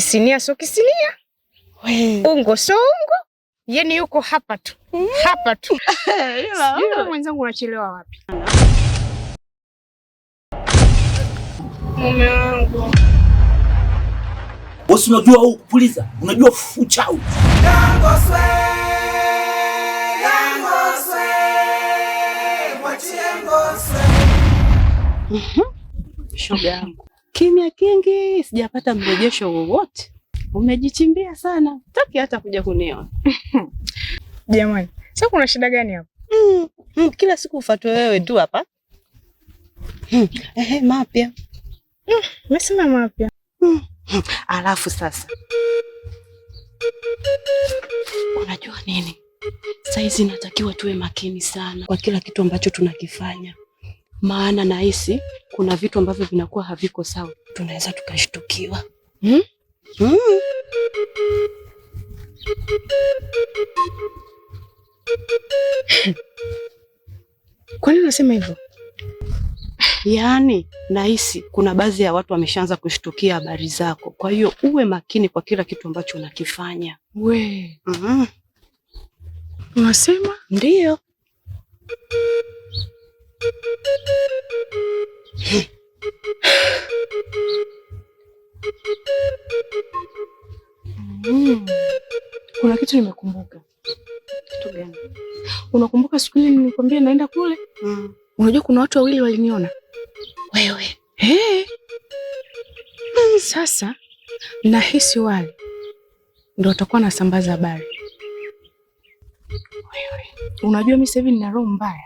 Kisinia so kisinia, ungo so ungo, yani yuko hapa tu hmm. hapa tu. Mwenzangu, unachelewa wapi? Mume wangu wasi, unajua huu kupuliza, unajua fuchau mhm. shoga yangu kimya kingi, sijapata mrejesho wowote. Umejichimbia sana, taki hata kuja kuniona jamani. Sasa kuna shida gani hapo? Mm, mm, kila siku ufatwe wewe tu hapa mm. mapya mm, umesema mm, mapya mm. Alafu sasa unajua nini, saizi natakiwa tuwe makini sana kwa kila kitu ambacho tunakifanya maana nahisi kuna vitu ambavyo vinakuwa haviko sawa, tunaweza tukashtukiwa hmm? Hmm. Kwa nini unasema hivyo? Yaani nahisi kuna baadhi ya watu wameshaanza kushtukia habari zako, kwa hiyo uwe makini kwa kila kitu ambacho unakifanya. We mm-hmm. unasema? mm -hmm. Ndiyo. Hmm. Kuna kitu nimekumbuka. Kitu gani? Unakumbuka siku ile nilikwambia naenda kule? Mm. Unajua kuna watu wawili waliniona wewe. Hey. Mm, sasa nahisi wale ndio watakuwa nasambaza habari. Wewe unajua mimi sasa hivi nina roho mbaya,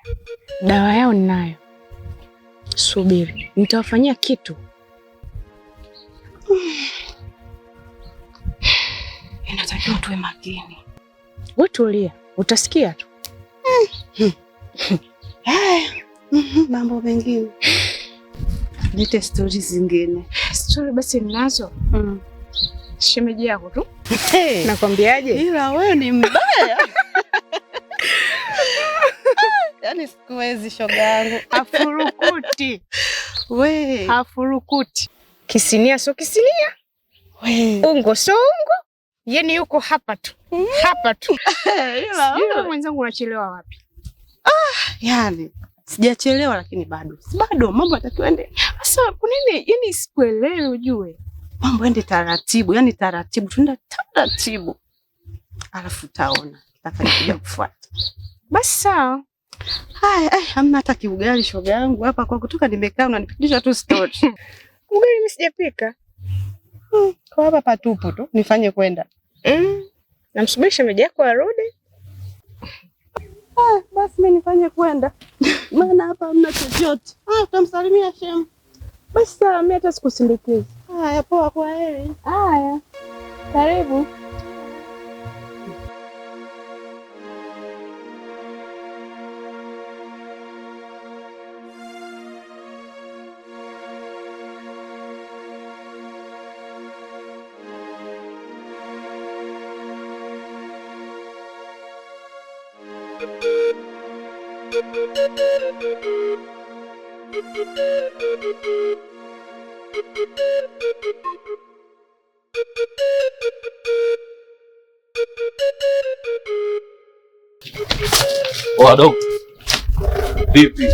dawa yao ninayo. Subiri, nitawafanyia kitu. Inatakiwa tuwe makini. Wewe tulia, utasikia tu haya mm-hmm. mambo mengine. nite stori zingine. Stori basi ninazo. Mm. Shemeji yako tu. Nakwambiaje? Ila wewe ni mbaya. yani sikuwezi shoga yangu. Hafurukuti. We. Hafurukuti. Kisinia so kisinia. We. Ungo so ungo. Yeni yuko hapa tu. Mm. Hapa tu. Ila mwenzangu unachelewa wapi? Ah, yani sijachelewa lakini bado. Bado mambo yatakiwa ende. Sasa kwa nini yani sikuelewi ujue? Mambo ende taratibu, yani taratibu, tunaenda taratibu. Alafu taona Nataka kuja kufuata. Basi sawa haya ay, eh, hamna hata kiugali shoga yangu hapa kwa kutoka nimekaa unanipitisha tu story. Ugali mimi sijapika. Hmm, kwa hapa patupu tu nifanye kwenda. Mm. Eh? Namsubiri shemeji yako arudi. Ah, basi mimi nifanye kwenda. Maana hapa hamna chochote. Ah, tutamsalimia shem. Basi sawa, mimi hata sikusindikiza. Haya, poa, kwa heri. Haya. Karibu. Wadogo vipi?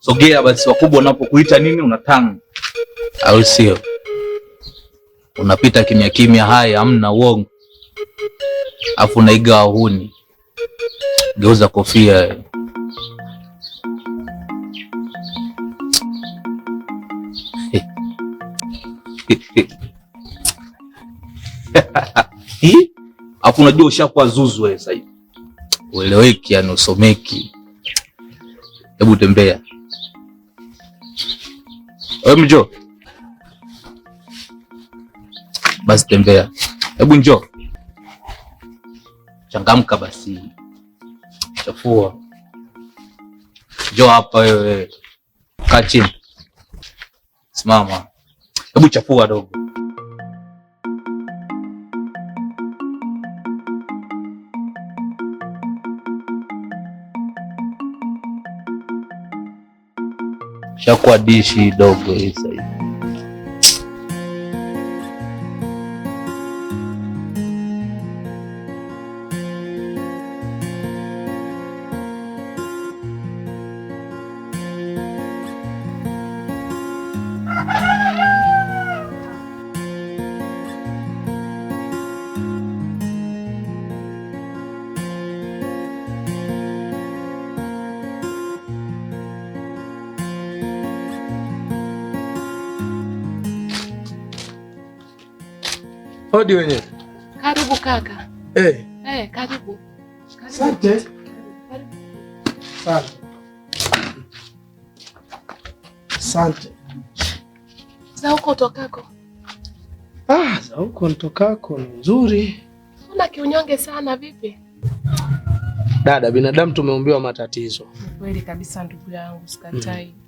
Sogea basi, wakubwa unapokuita nini unatanga, au sio? Unapita kimya kimya, haya hamna uongo, afu unaiga wahuni. Geuza kofia. Afu unajua ushakuwa zuzu wewe sasa hivi. Ueleweki yani usomeki. Hebu tembea. Wewe mjo. Basi tembea. Hebu njoo. Changamka basi. Chafua. Jo hapa wewe. Kaa chini. Simama. Hebu chafua dogo. Shakuwa dishi dogo hii sasa. Hodi wenyewe. Karibu kaka. Eh. Eh, karibu. Asante. Asante. Za huko utokako? Ah, za huko nitokako ni nzuri. Una kiunyonge sana vipi? Dada, binadamu tumeumbiwa matatizo. Kweli kabisa ndugu yangu, sikatai. Mm.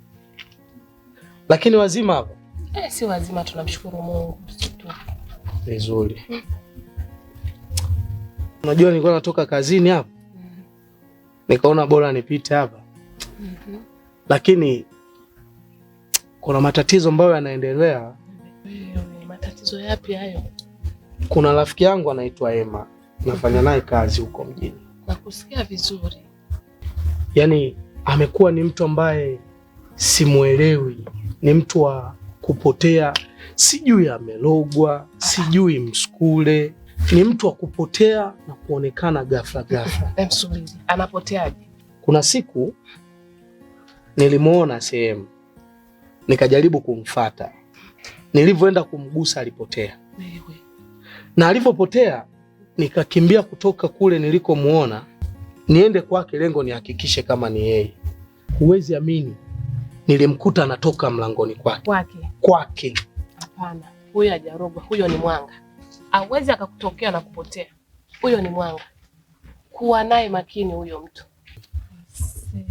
Lakini wazima hapo? Eh, si wazima tunamshukuru Mungu vizuri. Unajua, nilikuwa natoka kazini hapa nikaona bora nipite hapa lakini kuna matatizo ambayo yanaendelea. Matatizo yapi hayo? Kuna rafiki yangu anaitwa Emma, nafanya naye kazi huko mjini. Nakusikia vizuri. Yaani amekuwa ni mtu ambaye simuelewi, ni mtu wa kupotea, sijui amelogwa, sijui msukule. Ni mtu wa kupotea na kuonekana ghafla ghafla. Msubiri, anapoteaje? Kuna siku nilimwona sehemu, nikajaribu kumfata, nilivyoenda kumgusa alipotea, na alivyopotea nikakimbia kutoka kule nilikomuona niende kwake, lengo nihakikishe kama ni yeye. Huwezi amini Nilimkuta anatoka mlangoni kwake kwake kwake. Hapana, huyo hajarogwa, huyo ni mwanga. Hawezi akakutokea na kupotea, huyo ni mwanga. Kuwa naye makini huyo mtu.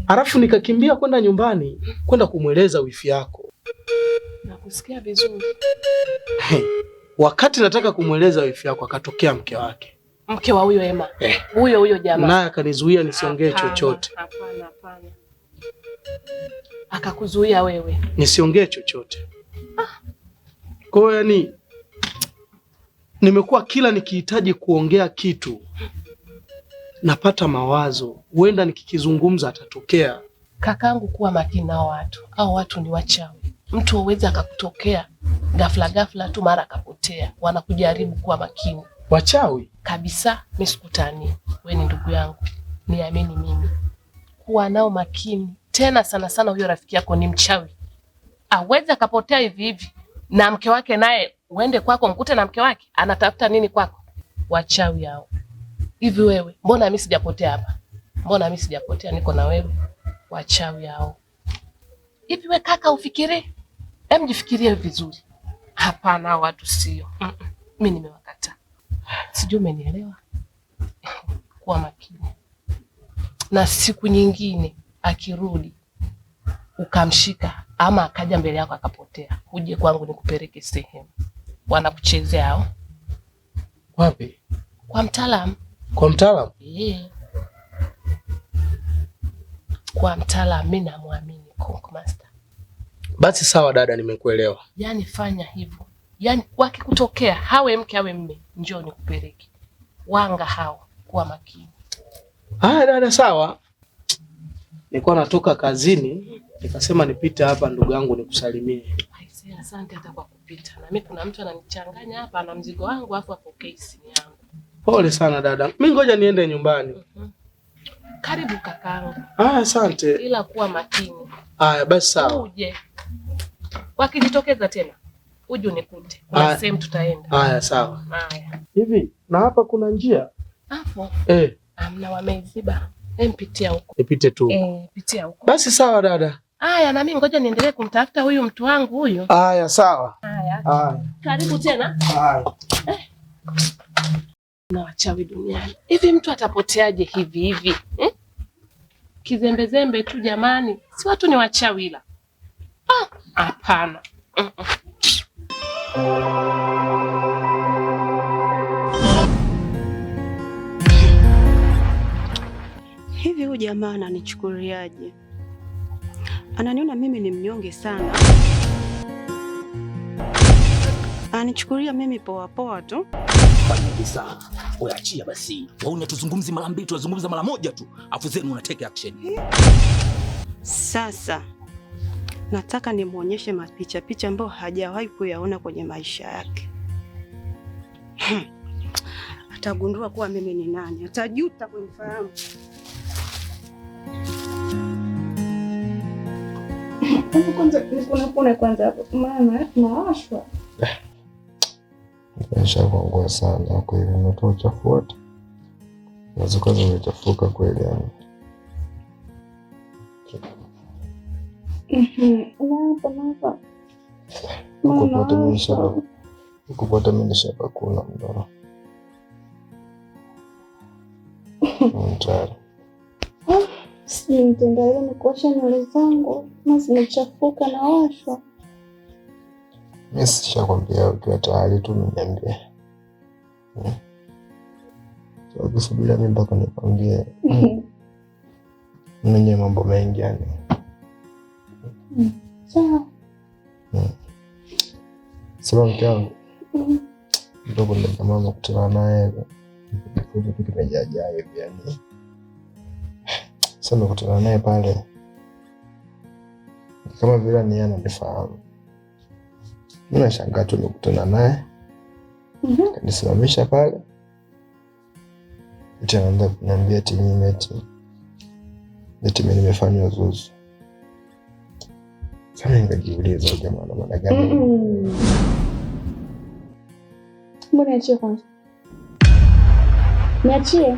Halafu nikakimbia kwenda nyumbani kwenda kumweleza wifi yako. Nakusikia vizuri. Hey, wakati nataka kumweleza wifi yako akatokea mke wake, mke wa huyo Ema, eh. huyo huyo jamaa, naye akanizuia nisiongee chochote. Hapana, hapana akakuzuia wewe nisiongee chochote. Kwa hiyo yani, nimekuwa kila nikihitaji kuongea kitu napata mawazo, huenda nikikizungumza atatokea. Kakangu, kuwa makini na watu au watu ni wachawi. Mtu hawezi akakutokea ghafla ghafla tu mara akapotea, wanakujaribu. Kuwa makini, wachawi kabisa. Mimi sikutani, wewe ni ndugu yangu, niamini mimi. Kuwa nao makini tena sana sana huyo rafiki yako ni mchawi, aweze akapotea hivi hivi na mke wake naye. Uende kwako mkute na mke wake anatafuta nini kwako? Wachawi hao. Hivi wewe, mbona mimi sijapotea hapa? Mbona mimi sijapotea? Niko na wewe. Wachawi hao. Hivi wewe kaka, ufikiri hem, jifikirie vizuri. Hapana, watu sio mm -mm. Mimi nimewakata, sijui umenielewa. Kuwa makini na siku nyingine akirudi ukamshika ama akaja mbele yako akapotea, uje kwangu nikupeleke sehemu wanakuchezea hao. Wapi? Kwa mtaalamu. Kwa mtaalamu? Eh. Kwa mtaalamu mimi namwamini Konko Master. Basi sawa dada, nimekuelewa. Yaani fanya hivyo, yaani wakikutokea hawe mke awe mme, njoo nikupeleke wanga hao, kuwa makini. Ah, dada sawa nilikuwa natoka kazini nikasema nipite hapa ndugu yangu nikusalimie. Asante hata kwa kupita. Na mimi kuna mtu ananichanganya hapa na mzigo wangu afu apokee case yangu. Pole sana dada. Mimi ngoja niende nyumbani. Mm -hmm. Karibu kakaangu. Ah, asante. Ila kuwa makini. Ah, basi sawa. Uje. Wakijitokeza tena uje unikute. Kuna same tutaenda. Haya sawa. Haya. Hivi na hapa kuna njia? Hapo. Eh. Amna wameziba mpitia huko. Nipite tu. Eh, pitia huko. Basi sawa dada. aya na mimi ngoja niendelee kumtafuta huyu mtu wangu huyu. Haya, sawa. Aya. Aya. Karibu tena. Aya. Eh. Na wachawi duniani. Hivi mtu atapoteaje hivi hivi? Hmm? Eh? Kizembezembe tu jamani. Si watu ni wachawi ila. Ah, hapana. Mm -mm. hivi huyu jamaa ananichukuliaje? Ananiona mimi ni mnyonge sana, anichukulia mimi poa poa tu. Fanya kisa achia basi, waone tuzungumzi mara mbili, tuzungumza mara moja tu, afu zenu una take action. Sasa nataka nimwonyeshe mapicha picha ambayo hajawahi kuyaona kwenye maisha yake. Hmm. Atagundua kuwa mimi ni nani, atajuta kunifahamu. Nikuna kwanza hapo, maana nawashwa eh, sana kweli, natoa uchafu wote zimechafuka kweli yani. Ukupata mhm, mimi nishapakuna sijui nitaendelea na kuosha nywele zangu na zimechafuka na washwa. Mimi sishakwambia, ukiwa tayari tu niambie. Hmm? Kusubiria mimi mpaka nikwambie mwenye mambo mengi yani. Hmm, sawa. Hmm. Sema mke wangu ndogo, mama kutana naye kitu kimejaa hivi yani sasa nimekutana naye pale, kama vile ni yeye ananifahamu. Mimi nashangaa tu nikutana naye mm -hmm. Kanisimamisha pale, eti anaanza kuniambia eti mimi eti eti mimi nimefanywa zuzu. Sasa nikajiuliza, jamaa ana maana gani? Mbona niachie kwanza, niachie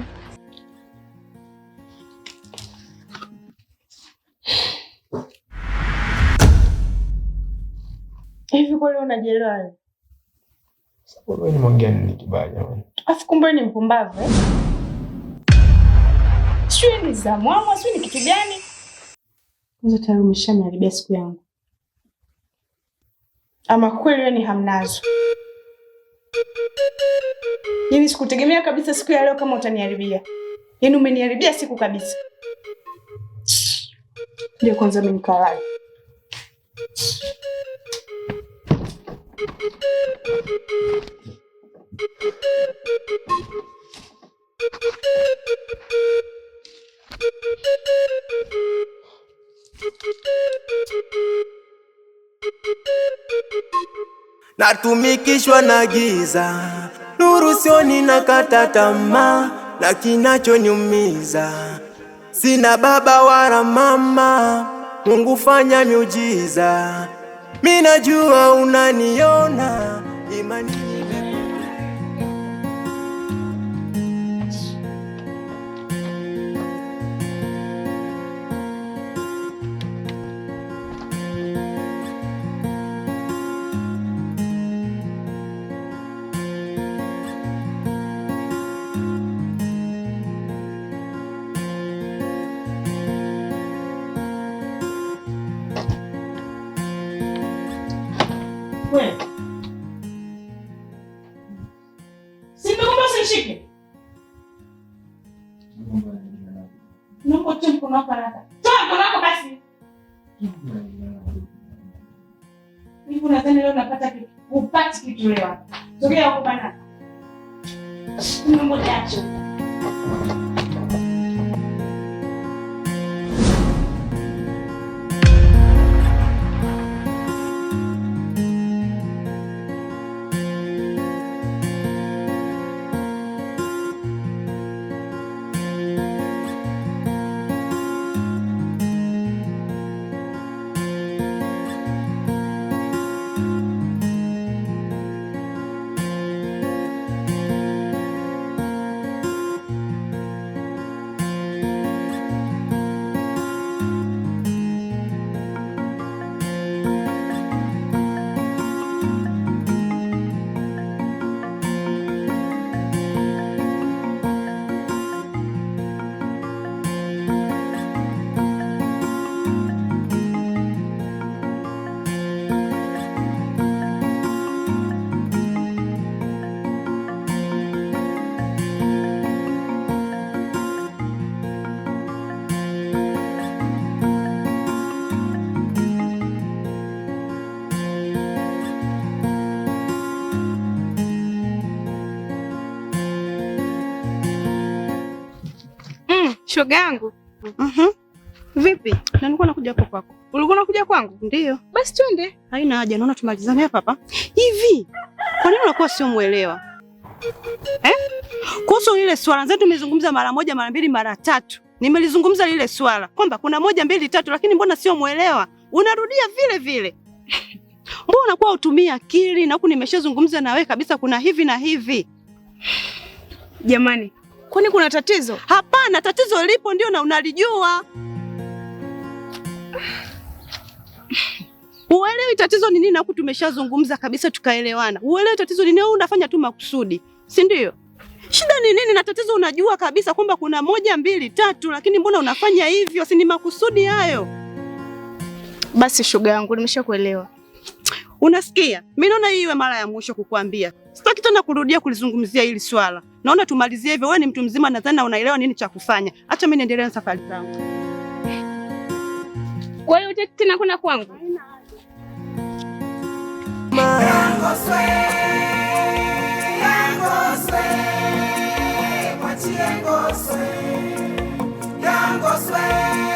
unajielewa? Nimeongea nini kibaya Afu ah, kumbe ni mpumbavu eh? Sijui ni za mwamwa, ni kitu gani. Kwanza tayari umeshaniharibia siku yangu. Ama kweli wewe ni hamnazo. Yaani sikutegemea kabisa siku ya leo kama utaniharibia. Yaani umeniharibia siku kabisa. Ndio kwanza mimi mkalai. Natumikishwa na giza, nuru sioni, nakata tamaa na kinachonyumiza. Sina baba wala mama, Mungu fanya miujiza. minajua najua unaniona the money. Hivi unadhani leo unapata kitu? Upati kitu leo. Tokea huko bana. Mungu acho. Shoga yangu. Mhm. Vipi? Na nilikuwa nakuja hapo kwako. Ulikuwa unakuja kwangu? Ndio. Basi twende. Haina haja, naona tumalizane hapa hapa. Hivi. Kwa nini unakuwa sio muelewa? Eh? Kuhusu ile swala zetu tumezungumza mara moja, mara mbili, mara tatu. Nimelizungumza lile swala kwamba kuna moja, mbili, tatu, lakini mbona sio muelewa? Unarudia vile vile. Mbona unakuwa utumia akili na huku nimeshazungumza na wewe kabisa kuna hivi na hivi. Jamani, Kwani kuna tatizo? Hapana, tatizo lipo ndio, na unalijua. Uelewi tatizo ni nini? Huku tumeshazungumza kabisa tukaelewana. Uelewi tatizo ni nini? Unafanya tu makusudi, si ndio? Shida ni nini na tatizo unajua kabisa kwamba kuna moja mbili tatu, lakini mbona unafanya hivyo? Si ni makusudi hayo? Basi shoga yangu, nimeshakuelewa. Unasikia, mi naona hii iwe mara ya mwisho kukuambia. Sitaki tena kurudia kulizungumzia hili swala, naona tumalizie hivyo. Wewe ni mtu mzima, nadhani na unaelewa nini cha kufanya. Acha mi niendelee na safari zangu. Kwa hiyo utaki tena kwenda kwangu? Yangoswe, Yangoswe,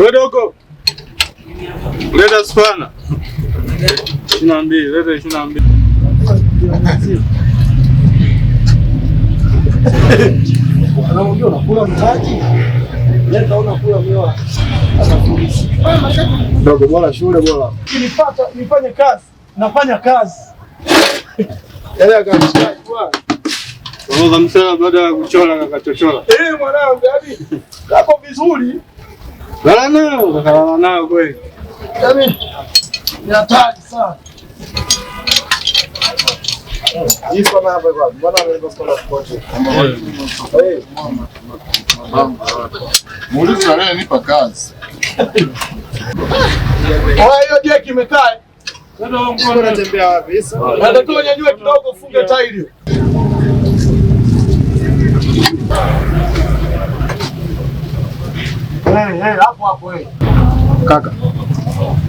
Wewe dogo. Leta spana. Ishirini na mbili, leta ishirini na mbili. Dogo bora shule bora. Nilipata nifanye kazi, nafanya kazi. Yale akamshika kwa. Wao msala baada ya kuchora kakachochora. Eh, mwanangu, yaani hapo vizuri. Lala nao, lala nao kweli. Mimi ni hatari sana. Muulize anayenipa kazi. Hiyo jeki imekaa. Unatembea wapi? Nataka unyanyue kidogo ufunge tairi hapo hapo Kaka.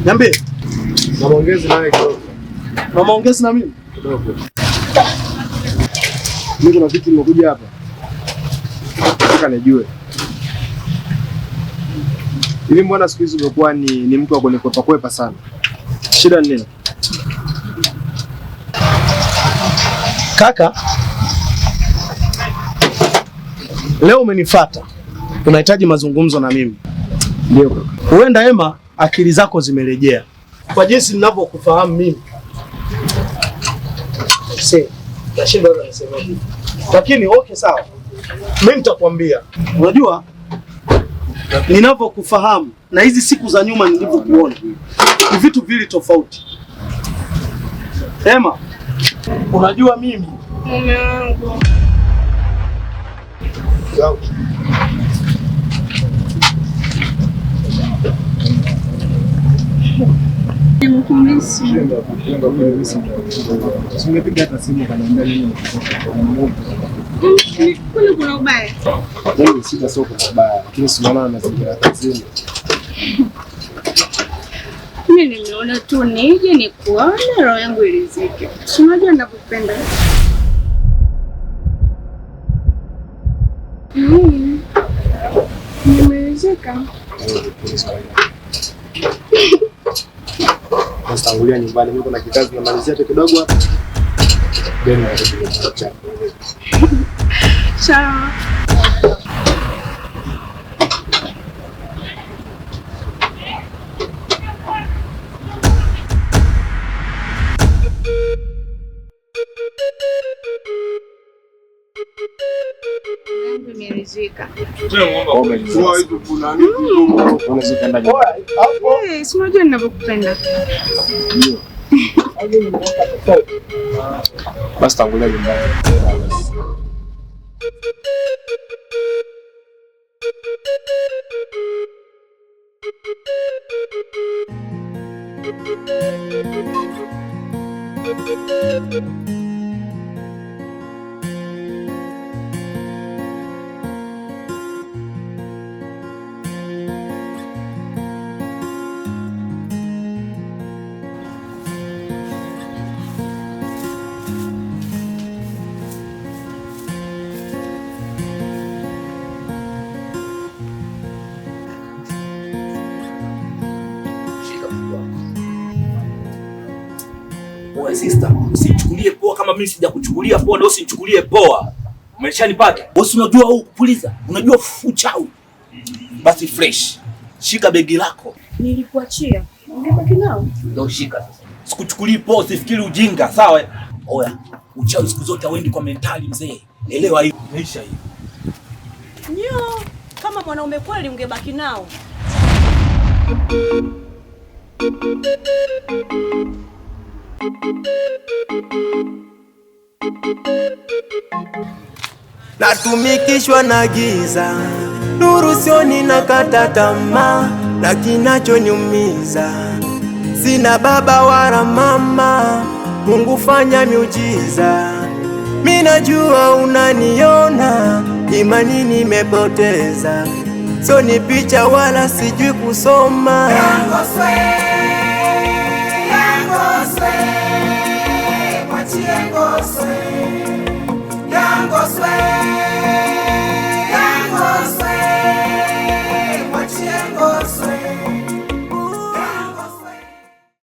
Niambie. Na maongezi na kidogo. Na maongezi na mimi? Kidogo. Mimi kuna kitu nimekuja hapa. Nataka nijue. hivi mbona siku hizi umekuwa ni, ni mtu wa kunikwepa kwepa sana. Shida ni nini? Kaka. Leo umenifata unahitaji mazungumzo na mimi. Ndio kaka. Huenda Ema akili zako zimerejea kwa jinsi ninavyokufahamu mimi. Si, nashinda nasema hivi. Lakini okay sawa. Mimi nitakwambia. Unajua ninavyokufahamu na hizi siku za nyuma nilivyokuona ni vitu vili tofauti. Ema, unajua mimi mume wangu Kule sio kuna ubaya, lakini sinaona mazingira kazini. Mimi nimeona tu nije nikuone, roho yangu ilizike. Unajua nakupenda nimerizika natangulia nyumbani, mimi kuna kikazi namalizia tu kidogo. Ciao. Eh, si unajua ninavyokupenda. Basi tangulia nyumbani. my sister, msichukulie poa kama mimi sijakuchukulia poa, na usinichukulie poa. Umeshanipata bosi? Unajua huu kupuliza, unajua uchawi. Basi fresh, shika begi lako nilikuachia, ungebaki nao. Ndio shika sasa, sikuchukulii poa, usifikiri ujinga, sawa? Oya, uchawi siku zote wendi kwa mentali mzee, elewa hiyo maisha hiyo. Nyo, kama mwanaume kweli ungebaki nao. Natumikishwa na giza, nuru sioni, na kata tamaa na kinachoniumiza. Sina baba wala mama, Mungu fanya miujiza. Minajua unaniona, imani nimepoteza, sioni picha wala sijui kusoma Rangoswe. te encostei.